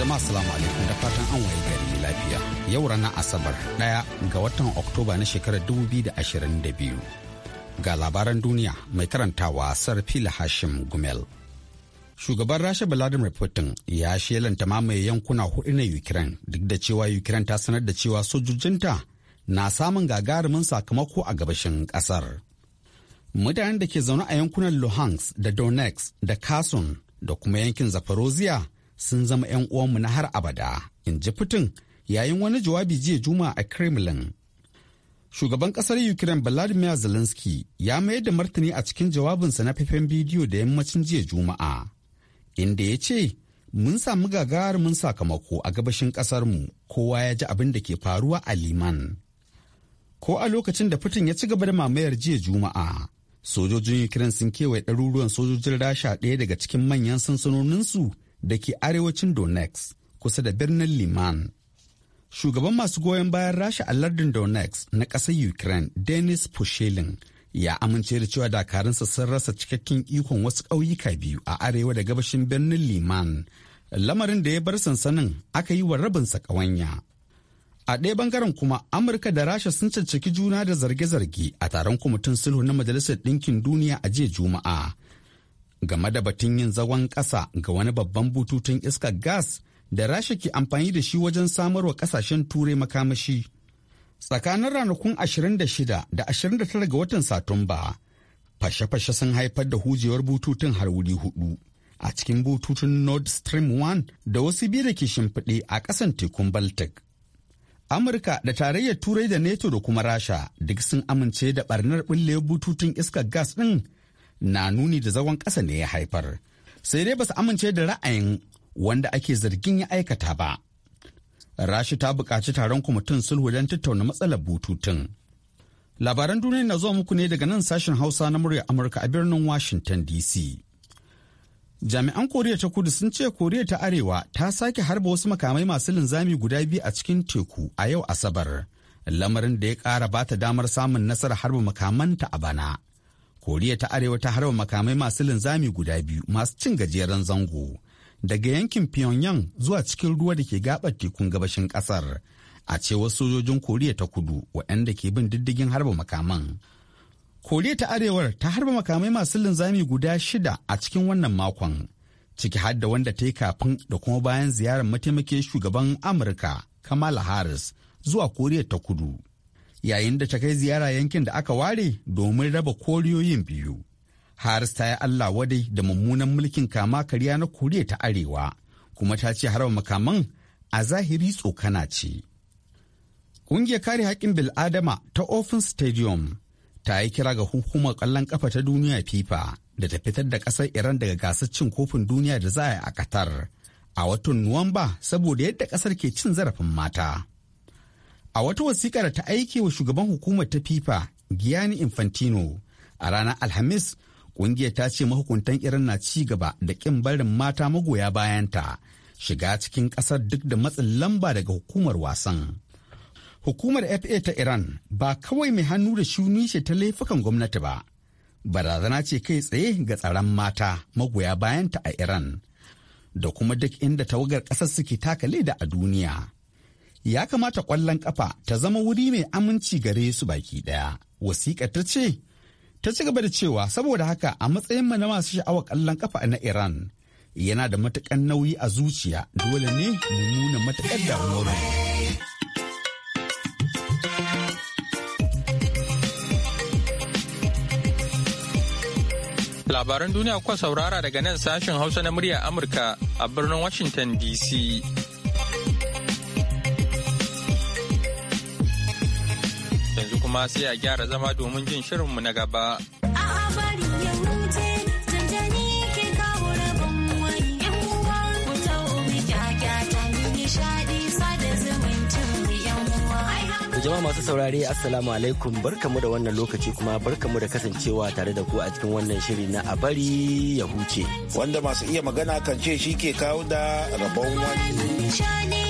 Jama'a salamu alaikum da fatan an waye gari lafiya. Yau ranar Asabar ɗaya ga watan Oktoba na shekarar da ashirin biyu. Ga labaran duniya mai karantawa Sarfila Hashim Gumel. Shugaban Rasha Vladimir Putin ya shelanta mamaye yankuna hudu na Ukraine duk da cewa Ukraine ta sanar da cewa sojojinta na samun gagarumin sakamako a gabashin kasar. Mutanen da ke zaune a yankunan Luhansk da Donetsk da kason da kuma yankin Zaporozhia sun zama 'yan uwanmu na har abada in ji putin yayin wani jawabi jiya juma a kremlin shugaban kasar ukraine vladimir zelensky ya mayar da martani a cikin jawabinsa na faifan bidiyo da yammacin jiya juma'a inda ya ce mun samu gagarumin sakamako a gabashin mu kowa ya ji abin da ke faruwa a liman ko a lokacin da fitin ya ci gaba da mamayar jiya juma'a sojojin ukraine sun kewaye ɗaruruwan sojojin rasha ɗaya daga cikin manyan sansanoninsu da ke arewacin Donetsk kusa da birnin Liman. Shugaban masu goyon bayan rasha a lardin Donetsk na ƙasar Ukraine, Denis Pushelin, ya amince da cewa dakarunsa sun rasa cikakken ikon wasu ƙauyuka biyu a arewa da gabashin birnin Liman, lamarin da ya bar sansanin aka yi wa rabinsa ƙawanya. A ɗaya bangaren kuma Amurka da Rasha sun cancaki juna da zarge-zarge a taron kwamitin sulhu na Majalisar Ɗinkin Duniya a jiya Juma'a game da batun yin zagon ƙasa ga wani babban bututun iskar gas da rasha ke amfani da shi wajen samarwa ƙasashen turai makamashi. Tsakanin ranakun 26 da 29 ga watan Satumba, fashe-fashe sun haifar da hujewar bututun har wuri hudu. A cikin bututun Nord Stream 1 da wasu biyu da ke shimfiɗe a ƙasan tekun Baltic. Amurka da tarayyar Turai da NATO da kuma Rasha duk sun amince da ɓarnar ɓulle bututun iskar gas ɗin na nuni da zagon ƙasa ne ya haifar sai dai basu amince da ra'ayin wanda ake zargin ya aikata ba rashi ta buƙaci taron kwamitin sulhu don tattauna matsalar bututun labaran duniya na zuwa muku ne daga nan sashen hausa na murya amurka a birnin washington dc jami'an koriya ta kudu sun ce koriya ta arewa ta sake harba wasu makamai masu linzami guda biyu a cikin teku a yau asabar lamarin da ya ƙara bata damar samun nasarar harba makamanta a bana koriya ta arewa ta harba makamai masu linzami guda biyu masu cin gajeren zango daga yankin pyongyang zuwa cikin ruwa da ke gabar tekun gabashin kasar a cewar sojojin koriya ta kudu waɗanda ke bin diddigin harba makaman koriya ta arewar ta harba makamai masu linzami guda shida a cikin wannan makon ciki har da wanda ta yi kafin da kuma bayan ziyarar mataimakin shugaban amurka kamala harris zuwa koriya ta kudu yayin da ta kai ziyara yankin da aka ware domin raba koriyoyin biyu. Haris ta yi Allah wadai da mummunan mulkin kama karya na Koriya ta Arewa, kuma ta ce harba makaman a zahiri tsokana ce. Ƙungiyar kare haƙƙin bil'adama ta Open Stadium ta yi kira ga hukumar ƙwallon ƙafa ta duniya FIFA da ta fitar da ƙasar Iran daga gasar cin kofin duniya da za a yi a Qatar a watan Nuwamba saboda yadda ƙasar ke cin zarafin mata. A wata wasiƙar ta aike wa shugaban hukumar ta FIFA Gianni Infantino a ranar Alhamis ƙungiyar ta ce mahukuntan irin na ci gaba da ƙin barin mata magoya bayanta shiga cikin ƙasar duk da matsin lamba daga hukumar wasan. Hukumar FA ta Iran ba kawai mai hannu da shuni ce ta laifukan gwamnati ba. Barazana ce kai tsaye ga tsaron mata magoya bayanta a Iran da kuma duk inda tawagar ƙasar suke taka leda a duniya. ya kamata ƙwallon ƙafa ta zama wuri mai aminci gare su baki ɗaya. Wasiƙa ta ce, ta ci gaba da cewa saboda haka a matsayin mu na masu sha'awar ƙwallon ƙafa na Iran yana da matuƙar nauyi a zuciya dole ne mu nuna matuƙar damuwar Labaran duniya kuka saurara daga nan sashen Hausa na murya Amurka a birnin Washington DC. kuma sai a gyara zama domin jin shirinmu na gaba. jama'a masu saurare assalamu alaikum barkamu da wannan lokaci kuma barkamu da kasancewa tare da ku a cikin wannan shiri na a bari ya huce wanda masu iya magana kan ce shi ke kawo da rabon wani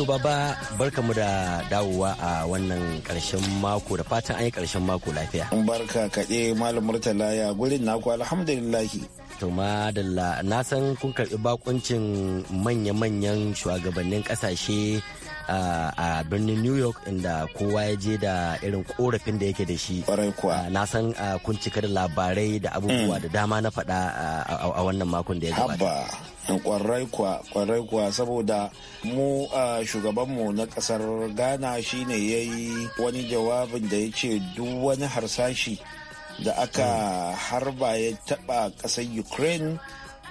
to baba barka mu da dawowa a wannan karshen mako da fatan an yi karshen mako lafiya. Barka kaɗe Malam Murtala ya gurin naku alhamdulillahi. To madalla na san kun karɓi bakuncin manya-manyan shugabannin ƙasashe a birnin new york inda kowa ya je da irin korafin da yake da shi na san kun cika da labarai da abubuwa mm. da dama na faɗa a wannan makon da ya gabata kwarai kwarai kuwa saboda mu shugabanmu na kasar ghana shine ya yi wani jawabin da ya ce duk wani harsashi da aka mm. harba ya taba kasar ukraine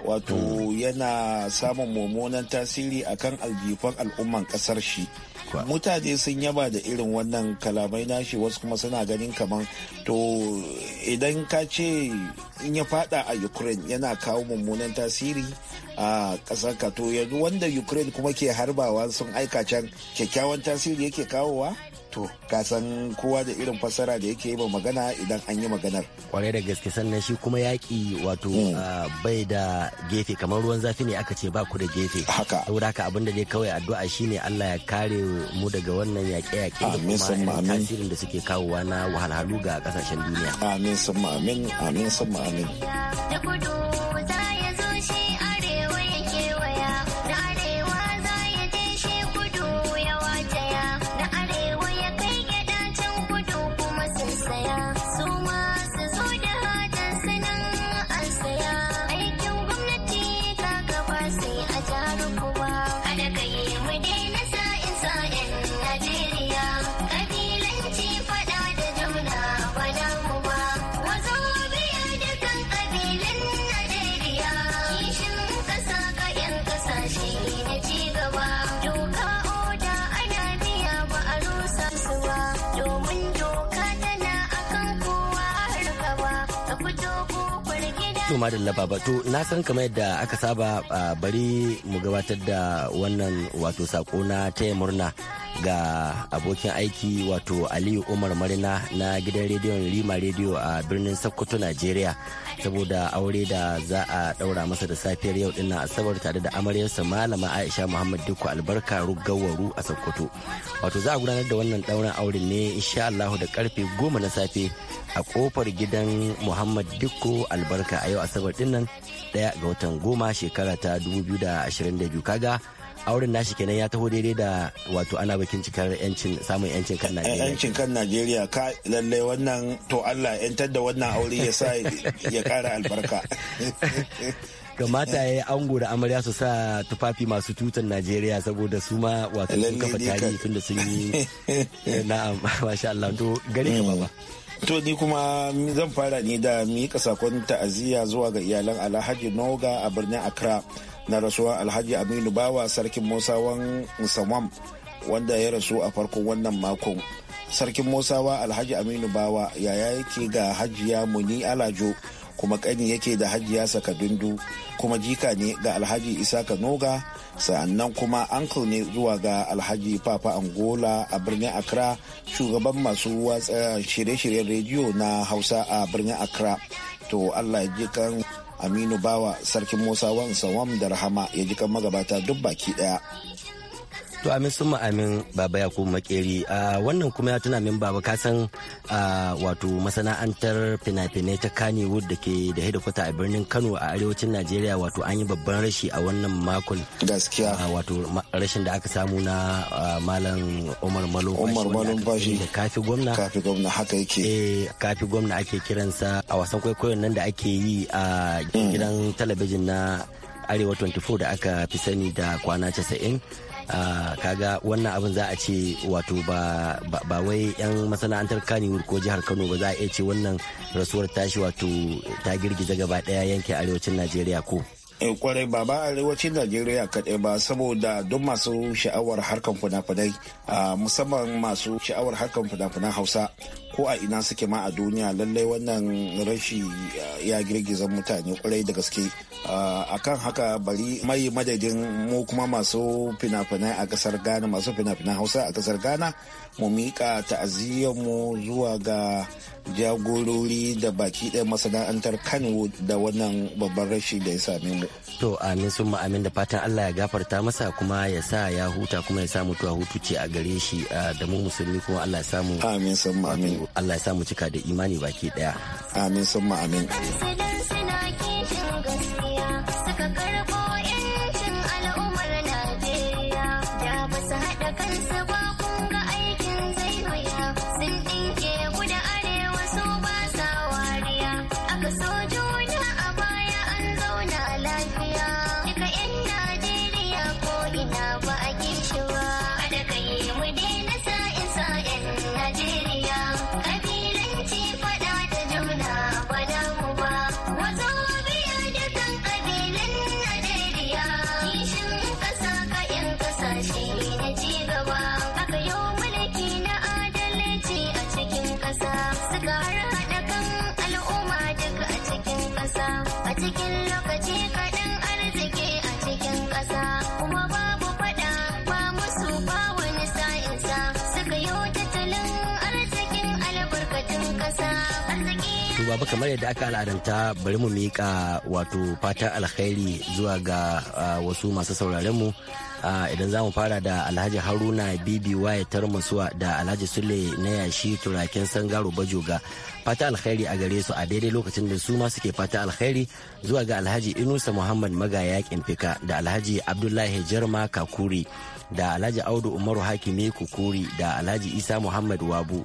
wato yana samun mummunan tasiri akan aljifan al'umman kasar shi mutane sun yaba da irin wannan kalamai nashi wasu kuma suna ganin kaman to idan ka ce in ya fada a ukraine yana kawo mummunan tasiri a kasar ka to yanzu wanda ukraine kuma ke harbawa sun aika can kyakkyawan tasiri yake kawowa to kasan kowa da irin fasara da yake yi ba magana idan an yi maganar kwarai da gaske sannan shi kuma yaƙi wato hmm. bai da gefe kamar ruwan zafi ne aka ce ba ku da gefe haka saboda haka abin da dai kawai addu'a shine Allah ya kare mu daga wannan yaƙe-yaƙe da kuma tasirin da suke kawowa na wahalhalu ga kasashen duniya amin summa amin amin summa amin madalla da to na san kamar yadda aka saba ah, bari mu gabatar da wannan wato sako na taya murna ga abokin aiki wato aliyu umar marina na gidan rediyon rima rediyo a birnin sokoto najeriya saboda aure da za a daura masa da safiyar yau din asabar tare da amaryarsa malama aisha muhammad duku albarka rugawaru a sokoto wato za a gudanar da wannan dauran aure ne insha allahu da karfe goma na safe a kofar gidan muhammad duku albarka a yau asabar din nan daya ga watan goma shekara ta 2022 kaga auren nashi kenan ya taho daidai da wato ana bakin cikar yancin samun yancin kan eh, Najeriya. Yancin kan Najeriya ka lallai wannan to Allah yantar da wannan aure ya sa ya kara albarka. kamata ya yi ango da amarya su sa tufafi masu tutan najeriya saboda su ma wato sun kafa tarihi tun da sun yi eh, na'am masha Allah to gare ka mm. baba to ni kuma zan fara ni da miƙa sakon ta'aziyya zuwa ga iyalan alhaji noga a birnin accra na rasuwa alhaji aminu bawa sarkin musawan musamman wanda ya rasu a farkon wannan makon sarkin musawa alhaji aminu bawa yaya yake ga hajiya muni alajo kuma kani yake da hajiya sakadundu kuma jika ne ga alhaji isaka noga sannan kuma uncle ne zuwa ga alhaji papa angola a birnin akra shugaban masu watsa shirye-shiryen rediyo na hausa a birnin akra to allah ji kan aminu bawa sarkin musa wansa wam da rahama ya ji kan magabata duk baki ɗaya. To amin sun amin baba ya kuma makeri wannan kuma ya tuna min baba kasan san wato masana'antar fina-finai ta Kannywood da ke da hedikwata a birnin Kano a arewacin Najeriya wato an yi babban rashi a wannan makon. Gaskiya. Wato rashin da aka samu na malam Umar Malo Umar Da kafi gwamna. Kafi gwamna haka yake. Eh kafi gwamna ake kiransa a wasan kwaikwayon nan da ake yi a mm. gidan talabijin na arewa 24 da aka fi sani da kwana 90 Uh, ah, kaga wannan abin za a ce wato ba, ba, ba wai 'yan masana'antar kaniwur ko jihar kano ba za a iya ce wannan rasuwar tashi wato ta girgiza gaba daya yankin arewacin najeriya ko eh, kwarai ba ba arewacin najeriya kaɗai ba saboda duk masu sha'awar harkan fina-finai ah, musamman masu sha'awar harkar fina-finan hausa ko a ina suke ma a duniya lallai wannan rashi uh, ya girgiza mutane kwarai da gaske uh, a kan haka bari mai madadin mu kuma masu fina-finai a kasar ghana masu fina-finan hausa a kasar ghana mu miƙa mu zuwa ga jagorori da baki ɗaya masana'antar kano da wannan babban rashi da ya same mu to amin sun amin da fatan allah ya gafarta masa kuma ya sa ya huta kuma ya sa mutuwa hutu ce a gare shi uh, da mu musulmi kuma allah ya samu amin sun amin Allah ya sa mu cika da imani baki daya amin sun amin baba kamar yadda aka al'adanta bari mu miƙa wato fata alkhairi zuwa ga wasu masu sauraren mu idan za mu fara da alhaji haruna bibi tar masuwa da alhaji sule na yashi turaken sangaro bajoga fata alkhairi a gare su a daidai lokacin da su ma suke fata alkhairi zuwa ga alhaji inusa muhammad magaya fika da alhaji abdullahi jarma kakuri da alhaji audu umaru hakimi kukuri da alhaji isa muhammad wabu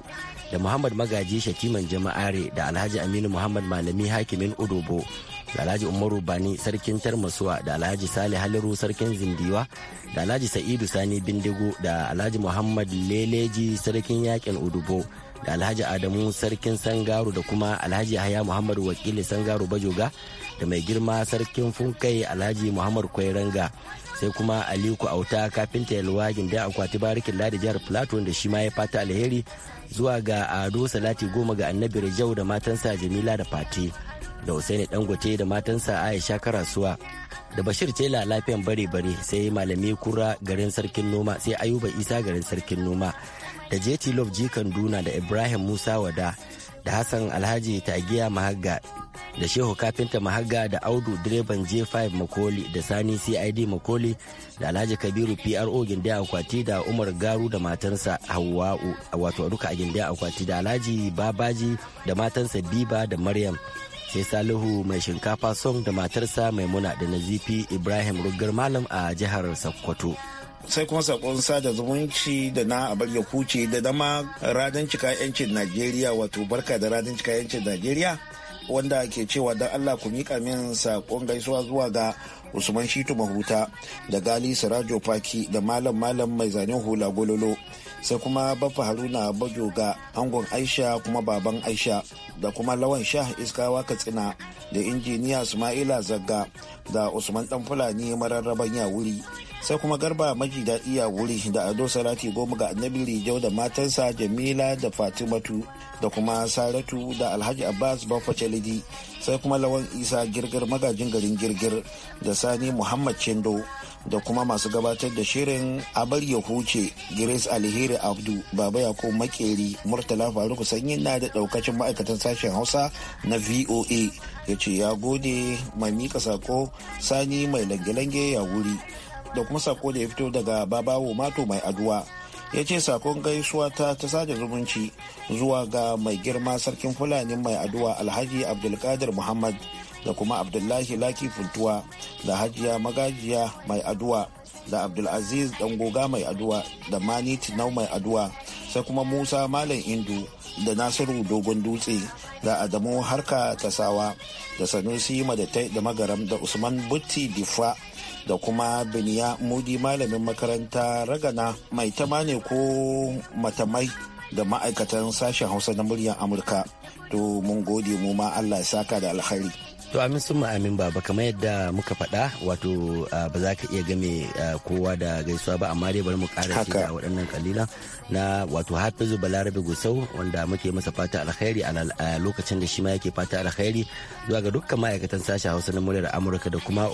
da muhammad magaji shatiman jama'are da alhaji aminu muhammad malami hakimin udobo da alhaji umaru bani sarkin tarmasuwa da alhaji sale haliru sarkin zindiwa da alhaji sa'idu sani bindigo da alhaji muhammad leleji sarkin yakin udubo da alhaji adamu sarkin sangaru da kuma alhaji yahaya muhammad wakili sangaru bajoga da mai girma sarkin funkai alhaji muhammad kwairanga sai kuma aliku auta kafinta yalwa da akwati barikin ladi jihar plateau da shi ma ya fata alheri zuwa ga ado salati goma ga annabi rajau da matansa jamila da fati da Usaini Dangote da matansa Aisha Karasuwa da Bashir Tela lafiyan bare-bare sai Malami Kura garin sarkin noma sai Ayuba Isa garin sarkin noma da JT Love jikan duna da Ibrahim Musa Wada da Hassan Alhaji Tagiya Mahagga da Shehu Kafinta Mahagga da Audu direban J5 Makoli da Sani CID Makoli da Alhaji Kabiru PRO Gindiya Akwati da Umar Garu da matarsa Hawwa'u wato duka a Gindiya Akwati da Alhaji Babaji da matansa Biba da Maryam sai Salihu mai shinkafa song da matarsa Maimuna da Nazifi Ibrahim Rugar Malam a jihar Sokoto. sai kuma sakon sada zumunci da na abar ya kuce da dama radin cika yancin najeriya wato barka da radin cika yancin najeriya wanda ke cewa don allah ku miƙa min sakon gaisuwa zuwa ga usman shitu mahuta da gali sirajo faki da malam malam mai zanen hula gololo sai kuma baffa haruna bajo ga angon aisha kuma baban aisha da kuma lawan sha iskawa katsina da injiniya sumaila zagga da usman dan fulani mararraban wuri. sai kuma garba maji daɗi a wuri da ado salati goma ga annabi rijau da matansa jamila da fatimatu da kuma saratu da alhaji abbas bafacalidi sai kuma lawan isa girgir magajin garin girgir da sani muhammad chendo da kuma masu gabatar da shirin abar ya huce grace alheri abdu baba yako makeri murtala faruku sanyin na da daukacin ma'aikatan sashen hausa na voa ya ce ya gode mai mika sako sani mai lange-lange ya wuri da kuma sako da ya fito daga babawo mato mai aduwa ya ce sakon gaisuwa ta ta sada zumunci zuwa ga mai girma sarkin fulani mai aduwa alhaji abdulkadir muhammad da kuma abdullahi laki funtuwa da hajiya magajiya mai aduwa da abdulaziz dangoga mai aduwa da mani tinau mai aduwa sai kuma musa malam indu da nasiru dogon dutse da adamu harka tasawa da sanusi madatai da magaram da usman butti difa da kuma biniya mudi malamin makaranta ragana mai tamane ko matamai da ma'aikatan sashen hausa na muryar amurka to mun gode mu ma allah ya saka da alkhairi to amin sun amin baba kamar yadda muka faɗa wato ba za ka iya game kowa da gaisuwa ba amma dai bari mu ƙara shi a waɗannan kalilan na wato hafizu balarabe gusau wanda muke masa fata alkhairi a lokacin da shi ma yake fata alkhairi zuwa ga dukkan ma'aikatan sashen hausa na muryar amurka da kuma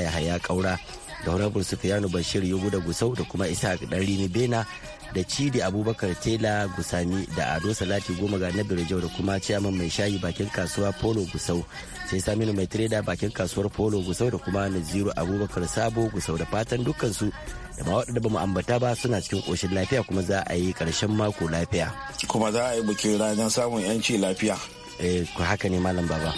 ya haya kaura da honorable sufiyanu bashir yugu da gusau da kuma isa ɗari bena da cidi abubakar tela gusami da ado salati goma ga na birjau da kuma ciyaman mai shayi bakin kasuwa polo gusau sai saminu mai tireda bakin kasuwar polo gusau da kuma naziru abubakar sabo gusau da fatan dukkansu da ma waɗanda ba mu ambata ba suna cikin ƙoshin lafiya kuma za a yi karshen mako lafiya kuma za a yi bikin ranar samun yanci lafiya eh haka ne malam baba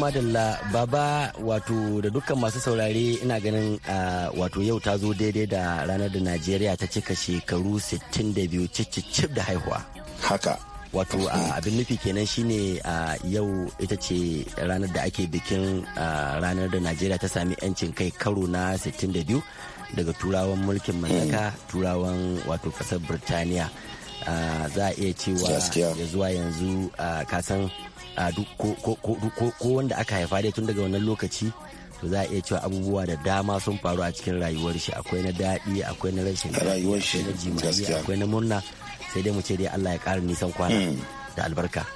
madalla baba wato da dukkan masu saurare ina ganin wato yau ta zo daidai da ranar da najeriya ta cika shekaru 62 cicicif da haihuwa haka wato abin nufi kenan shine a yau ita ce ranar da ake bikin ranar da najeriya ta sami 'yancin kai karo na 62 daga turawan mulkin mallaka hmm. turawan wato kasar birtaniya za a iya cewa zuwa yanzu kasan a ko wanda aka haifa dai tun daga wannan lokaci to za a iya cewa abubuwa da dama sun faru a cikin rayuwar shi akwai na daɗi akwai na rashin rayuwar shi akwai na murna sai dai mu ce dai Allah ya ƙara nisan kwana hmm. da albarka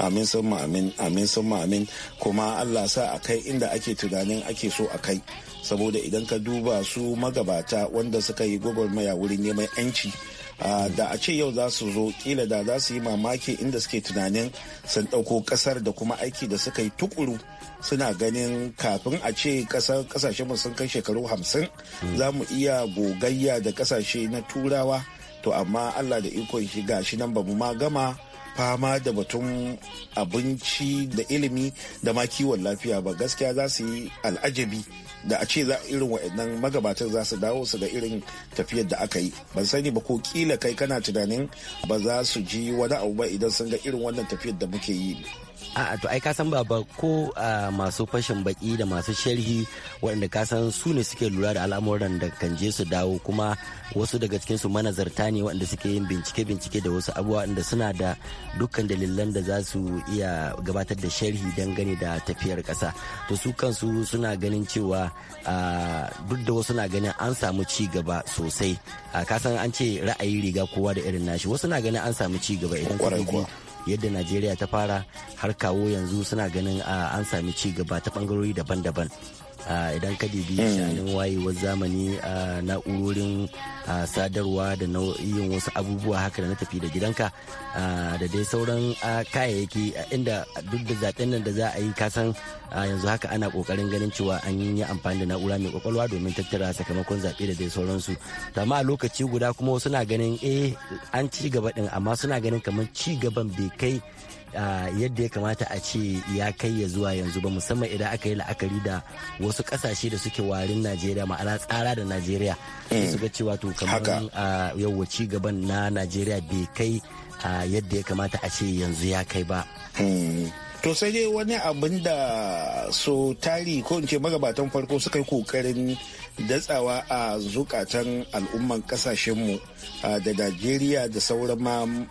amin sun amin amin sun amin kuma Allah sa a kai inda ake tunanin ake so a kai saboda idan ka duba su magabata wanda suka yi gwagwarmaya wurin neman 'yanci Ah, da a ce yau za su zo kila da za su yi mamaki inda suke tunanin sun ɗauko ƙasar da kuma aiki da suka yi tukuru suna ganin kafin a ce ƙasashen mu sun kai shekaru hamsin hmm. za mu iya gogayya da ƙasashe na turawa to amma allah da ikon shi gashi nan ba mu ma gama fama da batun abinci da ilimi da ma kiwon lafiya ba gaskiya za su yi al'ajabi da a ce za irin wa'annan magabatan za su dawo su ga irin tafiyar da aka yi ban sani ba ko kila kai kana tunanin ba za su ji wani abu ba idan sun ga irin wannan tafiyar da muke yi a'a to ai kasan san baba ko masu fashin baki da masu sharhi waɗanda ka san su ne suke lura da al'amuran da kan je su dawo kuma wasu daga cikinsu manazarta ne waɗanda suke yin bincike bincike da wasu abubuwa waɗanda suna da dukkan dalilan da za su iya gabatar da sharhi gani da tafiyar kasa to su kansu suna ganin cewa duk da wasu na ganin an samu ci gaba sosai ka san an ce ra'ayi riga kowa da irin nashi wasu na ganin an samu ci gaba idan yadda najeriya ta fara har kawo yanzu suna ganin ah, an sami ci gaba ta bangarori daban-daban idan ka dibi hmm. sha'anin wayewar zamani a na'urorin sadarwa da nau'in wasu abubuwa haka da na tafi da gidanka da dai sauran kayayyaki inda duk da zaben nan da za a yi kasan yanzu haka ana ƙoƙarin ganin cewa an yi amfani da na'ura mai ƙwaƙwalwa domin tattara sakamakon zaɓe da dai sauransu amma a lokaci guda kuma wasu ganin eh an ci gaba ɗin amma suna ganin kamar ci gaban bai kai yadda ya kamata a ce ya kai ya zuwa yanzu ba musamman idan aka yi la'akari da wasu kasashe da suke warin najeriya ma'ana tsara da najeriya eh. su ga cewa to kamar yawanci gaban na najeriya bai kai yadda ya kamata a ce yanzu ya kai ba eh. to sai dai wani abin da so tari ko in ce magabatan farko suka yi kokarin datsawa a zukatan al'umman kasashenmu da Najeriya da sauran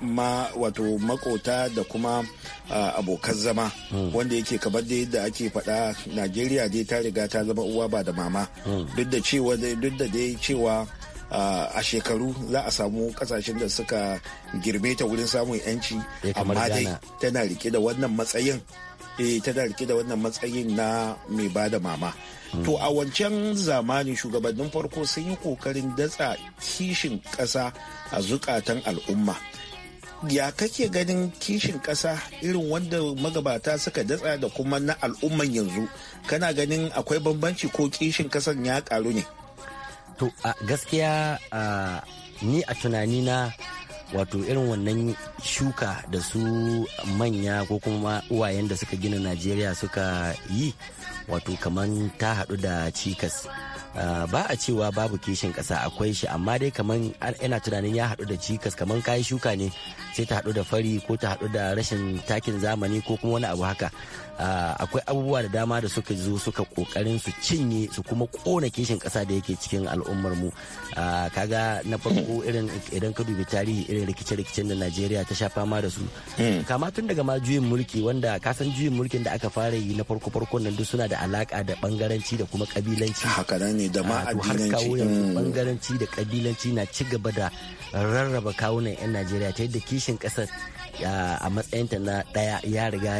ma wato makota da kuma abokan zama hmm. wanda yake kamar da da ake faɗa Najeriya dai ta riga ta zama uwa ba da mama hmm. duk da cewa duk da dai cewa a shekaru za a samu kasashen da suka girme ta wurin samun yanci eh, amma dai tana rike da wannan matsayin eh tana rike da wannan matsayin na mai ba da mama to a wancan zamani shugabannin farko sun yi kokarin datsa kishin ƙasa a zukatan al'umma ya kake ganin kishin ƙasa irin wanda magabata suka datsa da kuma na al'umman yanzu kana ganin akwai bambanci ko kishin ƙasan ya ƙaru ne to a gaskiya ni a tunanina wato irin wannan shuka da su manya ko kuma uwayen da suka gina najeriya suka yi wato kaman ta hadu da cikas Ah, ba a cewa babu kishin kasa akwai shi amma dai kamar yana tunanin ya haɗu da cikas kamar kayi shuka ne sai ta haɗu da fari ko ta haɗu da rashin takin zamani ko kuma wani abu haka ah, akwai abubuwa da dama da suka zo suka kokarin su cinye su kuma kona kishin kasa da yake cikin al'ummar mu ah, kaga na farko irin idan ka dubi tarihi irin rikice-rikicen da Najeriya ta sha fama da su hmm. kama tun daga ma juyin mulki wanda ka san juyin mulkin da aka fara yi na farko-farkon nan duk suna da alaka da bangaranci da kuma kabilanci ne da ma addinanci mm. bangaranci da kabilanci na ci gaba da rarraba kawunan 'yan najeriya ta yadda kishin kasar a matsayinta na daya ya riga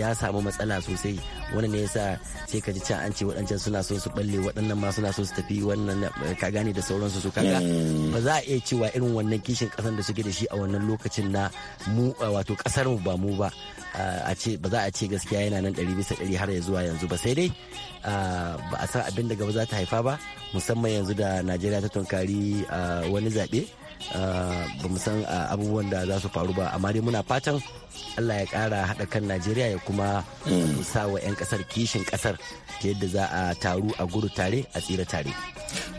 ya samu matsala sosai wani ne yasa sai ka ji can an ce waɗancan suna so su balle waɗannan ma suna so su tafi wannan eh, ka gane da sauransu su kaga mm. ba za a iya cewa irin wannan kishin ƙasar da suke da shi a wannan lokacin na mu eh, wato ƙasar mu ba mu ba a ce ba za a ce gaskiya yana nan ɗari bisa ɗari har ya zuwa yanzu ba sai dai ba a san abin da gaba za ta haifa ba musamman yanzu da najeriya ta tunkari wani zaɓe ba mu san abubuwan da za su faru ba amma dai muna fatan allah ya kara haɗa kan najeriya ya kuma sa wa 'yan ƙasar kishin kasar. yadda za a taru a gudu tare a tsira tare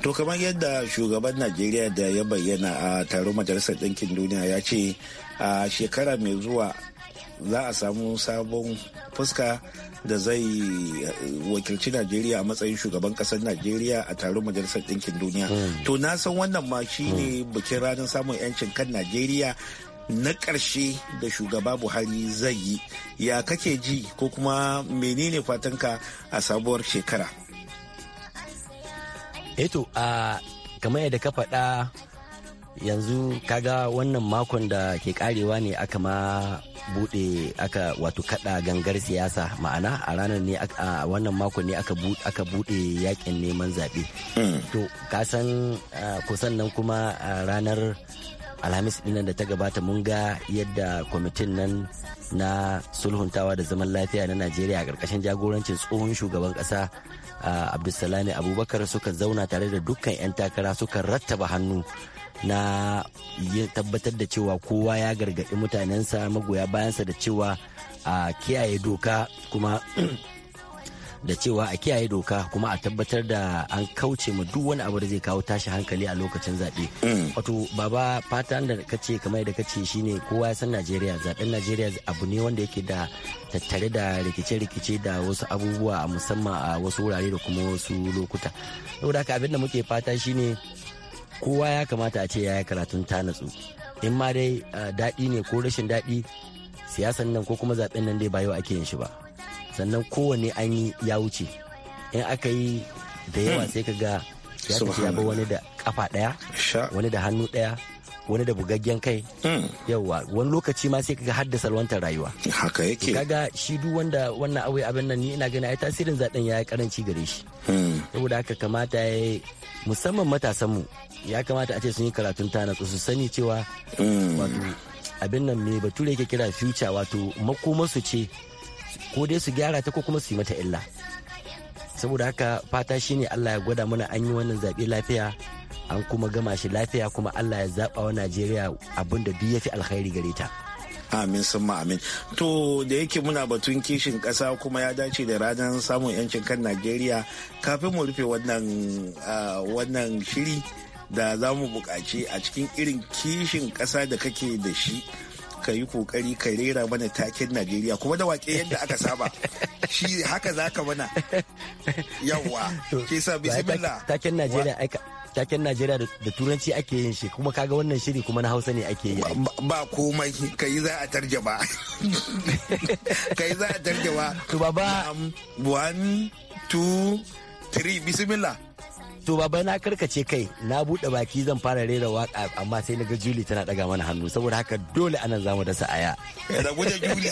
to kamar yadda shugaban najeriya da ya bayyana a taron majalisar ɗinkin duniya ya ce a shekara mai zuwa za a samu sabon fuska da zai eh, wakilci najeriya a matsayin shugaban kasar najeriya a taron majalisar ɗinkin duniya hmm. to na san wannan ma shine hmm. bikin ranar samun 'yancin kan najeriya na ƙarshe da shugaba buhari zai yi ya kake ji ko kuma menene fatanka a sabuwar shekara eto eh a kamar yadda ka faɗa yanzu kaga wannan makon da ke karewa ne aka ma bude aka wato kada gangar siyasa ma'ana a ranar ne a wannan makon ne aka bude yakin neman zabe. Hmm. to kasan kusan nan kuma ranar alhamis dinan da ta gabata mun ga yadda kwamitin nan na sulhuntawa da zaman lafiya na najeriya a ƙarƙashin jagorancin tsohon shugaban ƙasa abdulsalami abubakar suka zauna tare da dukkan 'yan takara suka rattaba hannu na ya tabbatar da cewa kowa ya gargaɗi mutanensa magoya bayansa da cewa a kiyaye doka kuma da cewa a kiyaye doka kuma a tabbatar da an kauce ma duk wani abu da zai kawo tashi hankali a lokacin zaɓe. Mm. Wato baba fatan da ka ce kamar da ka ce shine kowa ya san Najeriya zaɓen Najeriya abu ne wanda yake da tattare da rikice-rikice da wasu abubuwa musamman a wasu wurare da kuma wasu lokuta. Saboda haka abin da muke fata shine kowa ya kamata a ce ya yi karatun ta natsu in ma dai daɗi ne ko rashin daɗi siyasan nan ko kuma zaɓen nan dai ba yau ake yin shi ba sannan kowane an yi ya wuce in aka yi da yawa hmm. sai ka ga ya tafi ya wani da kafa ɗaya wani da hannu ɗaya wani da bugaggen kai hmm. yawa wani lokaci ma sai kaga haddasa salwantar rayuwa haka yake kaga shi duk wanda wannan awai abin nan ni ina gani ai tasirin zaɗen ya yi karanci gare shi hmm. saboda haka kamata ya musamman matasan mu ya kamata a ce sun yi karatun tana su sani cewa hmm. wato abin nan me bature yake kira future wato su ce ko dai su gyara ta ko kuma su yi mata illa saboda haka fata shi ne allah ya gwada mana an yi wannan zaɓe lafiya an kuma gama shi lafiya kuma allah ya zaɓa wa najeriya abin da duk ya fi alkhairi gare ta amin sun amin to da yake muna batun kishin ƙasa kuma ya dace da ranar samun yancin kan najeriya kafin mu rufe wannan shiri da za mu buƙaci a cikin irin kishin ƙasa da kake da shi ka yi kokari ka rera mana takin najeriya kuma da waƙe yadda aka saba shi haka za ka mana yawa ke sa bismillah takin najeriya aika takin Najeriya da turanci ake yin shi kuma kaga wannan shiri kuma na Hausa ne ake yi. Ba komai yi za a tarjaba. yi za a tarjaba. To baba. One, two, bismillah. to baba na karkace kai na bude baki zan fara rera waka amma sai naga juli tana daga mana hannu saboda haka dole anan zamu dasa aya eh, da guje juli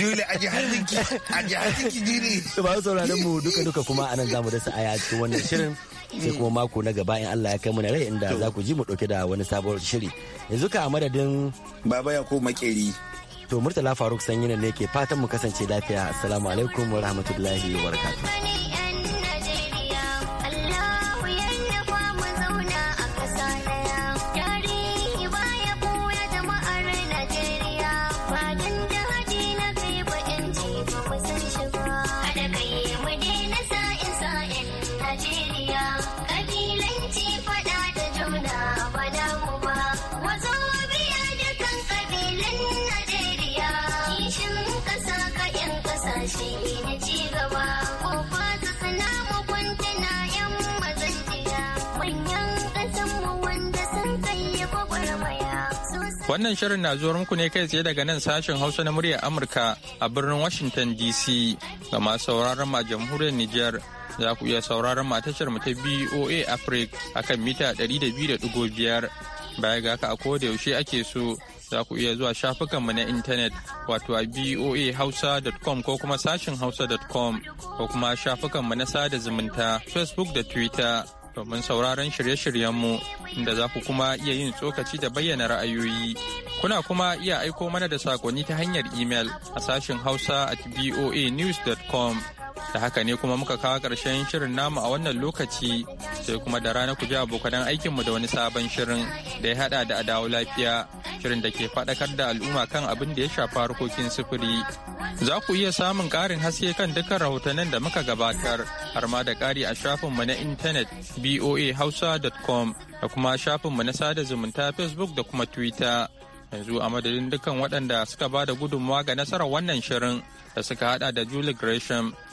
juli aje hannunki a hannunki juli ba su sauraron mu duka duka kuma anan zamu dasa aya a cikin wannan shirin sai kuma mako na gaba in Allah ya kai mana rai inda za ku ji mu dauke da wani sabuwar shiri yanzu ka madadin baba ya ko makeri to murtala faruk sanyi ne ke fatan mu kasance lafiya assalamu alaikum wa rahmatullahi wa barakatuh Wannan shirin na zuwa muku ne kai tsaye daga nan sashen Hausa na muryar Amurka a birnin Washington DC ga masu sauraron ma jamhuriyar Nijar. Za ku iya sauraron ma tashar mu ta BOA Africa a kan mita 200.5 baya ga haka a koda yaushe ake so za ku iya zuwa shafukan mu na intanet wato a BOA Hausa.com ko kuma sashin hausa.com ko kuma shafukanmu na sada zumunta facebook da twitter domin sauraron shirye-shiryenmu inda za ku kuma iya yin tsokaci da bayyana ra'ayoyi. Kuna kuma iya aiko mana da saƙonni ta hanyar imel a sashen hausa at voanews.com. Da haka ne kuma muka kawo ƙarshen shirin namu a wannan lokaci sai kuma da rana ku ji abokanan aikinmu da wani sabon shirin da ya haɗa da adawo lafiya shirin da ke faɗakar da al'umma kan abin da ya shafa harkokin sufuri. Za ku iya samun ƙarin haske kan dukkan rahotannin da muka gabatar har ma da ƙari a shafinmu na intanet boahausa.com da kuma shafinmu na sada zumunta Facebook da kuma Twitter. yanzu a madadin dukkan waɗanda suka ba da gudunmawa ga nasarar wannan shirin da suka hada da Julie Gresham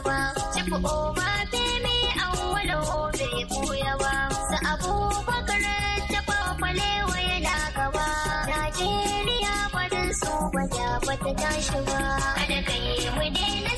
ba jibi oma bebe an wani obe koya ba sa abubakar ta kwakwale wa yana gaba najeriya fadin su ba ta tashi ba kada yi mu daina